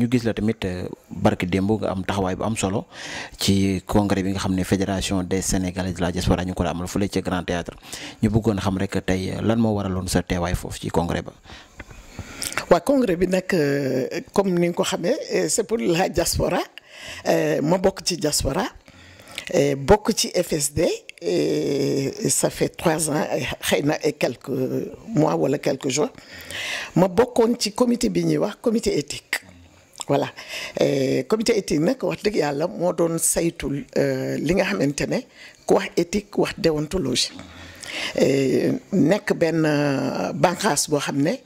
ñu gis la tamit euh, barki démb nga am taxawaay bu am solo ci congrès bi nga xam ne fédération des sénégalais de la diaspora ñu ko amal fële ca grand théâtre ñu bëggoon xam rek tey lan moo waraloon sa teewaay foofu ci congrès ba. waaw congrès bi nag euh, comme ni nga ko xamee euh, c'est pour la diaspora ma bokk ci diaspora bokk ci FSD et ça fait trois ans xëy na ay quelques mois wala quelques jours ma bokkoon ci comité bi ñuy wax comité éthique. voilà euh, comité éthique nag wax dëgg yàlla moo doon saytul euh, li nga xamante ne ku wax éthique wax déontologie euh, nekk benn banqaas boo xam ne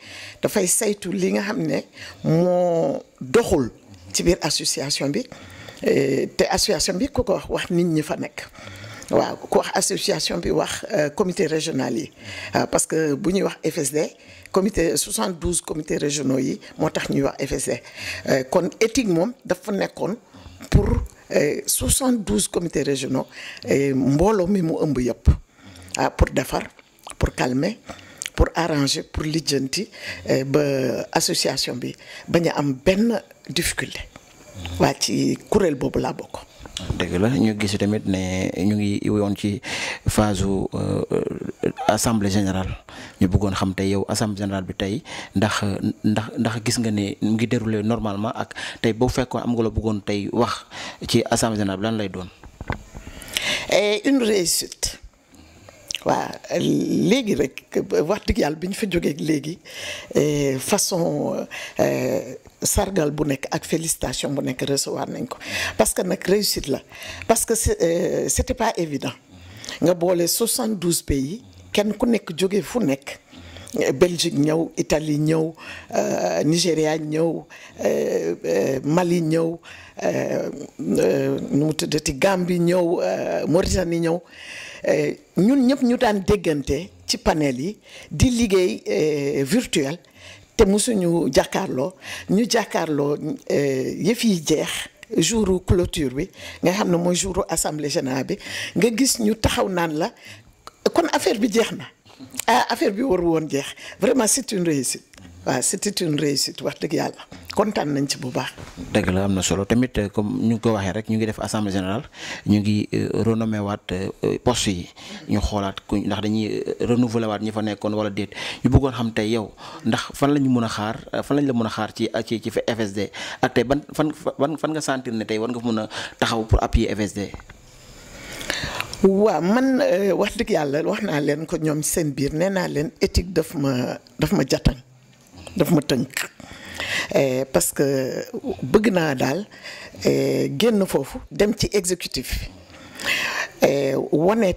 dafay saytu li nga xam ne moo doxul ci biir association bi te association bi ku ko wax wax nit ñi fa nekk. Oui, association bi euh, comité régional euh, parce que bu wax FSD comité 72 comités régionaux yi motax FSD euh, kon éthique mom dafa pour 72 comités régionaux et mi mu ëmb yëpp ah, pour pour calmer pour arranger pour les ba association bi baña am difficulté wa ci kuréel bobu la dëgg la ñu gis tamit ne ñu ngi yoon ci phase euh, assemblée générale ñu buggoon xam tey yow assemblée générale bi tey ndax ndax ndax gis nga ne mu ngi déroulé normalement ak tey boo fekkoon am nga la bëggoon tey wax ci assemblée générale bi lan lay doon. Eh, waaw léegi rek wax dëgg yàlla bi eh, façon eh, sargal bu félicitations ak recevoir parce que nag réussite la parce que eh, c'était pas évident nga a 72 pays kenn ku nekk jógee fu Euh, Belgique ñëw itali ñëw euh, Nigéria ñëw euh, Mali ñëw nu mu tuddati Gambie ñëw Mauritanie ñëw ñun ñëpp ñu daan déggante ci panel yi di liggéey virtuel te mu suñu jàkkaarloo ñu jàkkaarloo yëf yi jeex jouru clôture bi nga xam ne mooy jouru assemblée générale bi nga gis ñu taxaw naan la kon affaire bi jeex na ah affaire bi warul woon jeex vraiment c'est une réussite waaw c'était une réussite wax dëgg yàlla kontaan nañ ci bu baax. dëgg la am na solo tamit euh, comme ñu ngi ko waxee rek ñu ngi def assemblée générale ñu ngi euh, renommé waat euh, poste yi ñu xoolaat ku ndax dañuy renouveler waat ñi fa nekkoon wala déet ñu buggoon xam tey yow ndax fan la ñu mën a xaar fan lañ la mën a xaar ci ci ci FSD ak tey ban fan fan fan nga sentir ne tey war nga fa mën a taxaw pour appuyer FSD. waa man euh, wax dëgg yàlla wax naa leen ko ñoom seen biir nee naa leen éthique daf ma daf ma jatañ daf ma tënk euh, parce que bëgg naa daal euh, génn foofu dem ci exécutif wane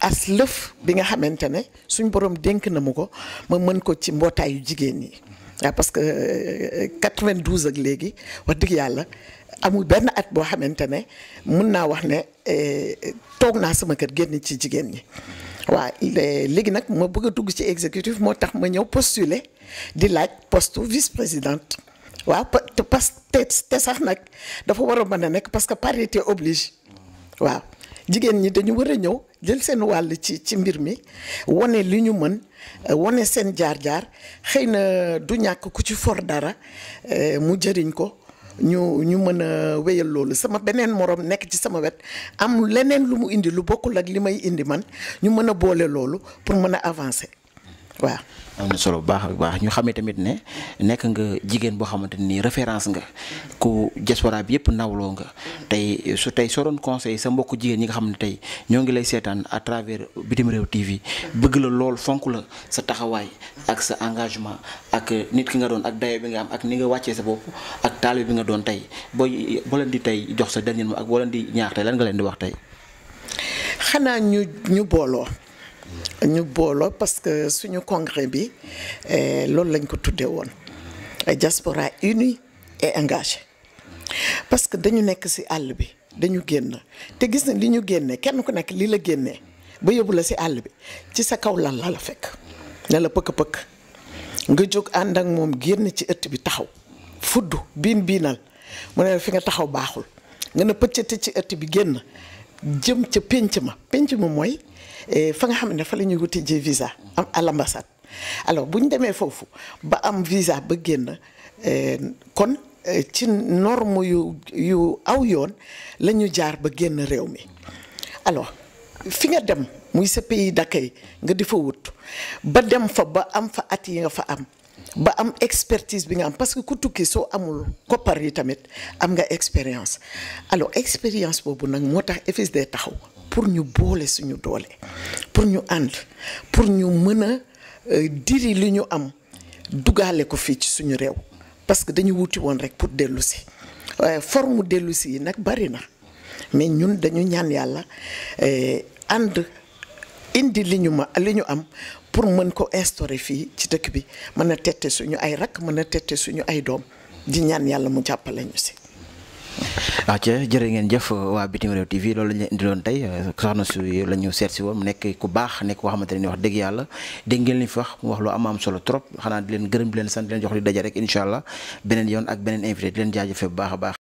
as lëf bi nga xamante ne suñ borom dénk na mu ko ma mën ko ci mbootaayu jigéen yi waaw parce que 92 euh, ak léegi wax dëgg yàlla amul benn at boo xamante ne mun naa wax ne euh, toog naa sama kër génn ci jigéen ñi waa léegi nag ma bëgg a dugg ci exécutif moo tax ma ñëw postuler di laaj poste vice présidente waa te parce que te nag dafa war a mën a nekk parce que parité oblige waaw jigéen ñi dañu war a ñëw. jël seen wàll ci ci mbir mi wane li ñu mën euh, wane seen jaar-jaar xëy na du ñàkk ku ci for dara euh, mu jëriñ ko ñu ñu mën a wéyal loolu sama beneen moroom nekk ci sama wet am leneen lu mu indi lu bokkul ak li may indi man ñu mën a boole loolu pour mën a avancé waa na solo bu baax ak baax ñu xamee tamit ne nekk nga jigéen boo xamante nii référence nga ku diaspora bi yëpp nawloo nga tey su tey soo doon conseil sa mbokku jigéen ñi nga xam ne tey ñoo ngi lay seetaan à travers bitim réew TV bëgg la lool fonk la sa taxawaay ak sa engagement ak nit ki nga doon ak dayo bi nga am ak ni nga wàccee sa bopp ak taalibe bi nga doon tey booy boo leen di tey jox sa dernier mot ak boo leen di ñaax tey lan nga leen di wax tey. ñu booloo parce que suñu congrès bi eh, loolu lañ ko tuddee woon ay eh, diaspora unie et engagée parce que dañu nekk ci àll bi dañu génn te gis na li ñu génnee kenn ku nekk li la génnee ba yóbbu la ci àll bi ci sa kaw lan la la fekk ne la pëkk-pëkk nga jóg ànd ak moom génn ci ëtt bi taxaw fudd biin biinal mu ne la fi nga taxaw baaxul nga ne pëccati ci ëtt bi génn jëm ca pénc ma pénc ma mooy fa nga xam ne fa la ñuy wuti ji visa à l'ambassade alors bu ñu demee foofu ba am visa ba génn euh, kon euh, ci norme yu yu aw yoon la ñu jaar ba génn réew mi alors fi nga dem muy sa pays yi nga di fa wut ba dem fa ba am fa at yi nga fa am ba am expertise bi nga am parce que ku tukki soo amul koppar yi tamit am nga expérience alors expérience boobu nag moo tax FSD taxaw pour ñu boole suñu doole pour ñu ànd pour ñu mën a euh, diri li ñu am dugale ko fii ci suñu réew parce que dañu wuti woon rek pour dellu si waaye forme dellu si yi nag bari na mais ñun dañu ñaan yàlla euh, ànd indi li ñu ma li ñu am pour mën ko instaurer fii ci dëkk bi mën a tette suñu ay rakk mën a tette suñu ay doom di ñaan yàlla mu jàppale ñu si waaw jërë ngeen jëf waa bitim réew TV loolu lañ leen indiloon tey euh, soxna si la seet si woon mu nekk ku baax nekk koo xamante ne wax dëgg yàlla dégg ngeen li ñu fi wax mu wax lu am solo trop xanaa di leen gërëm di leen sant di leen jox li daje rek incha allah beneen yoon ak beneen invité di leen jaajëfee bu baax a baax.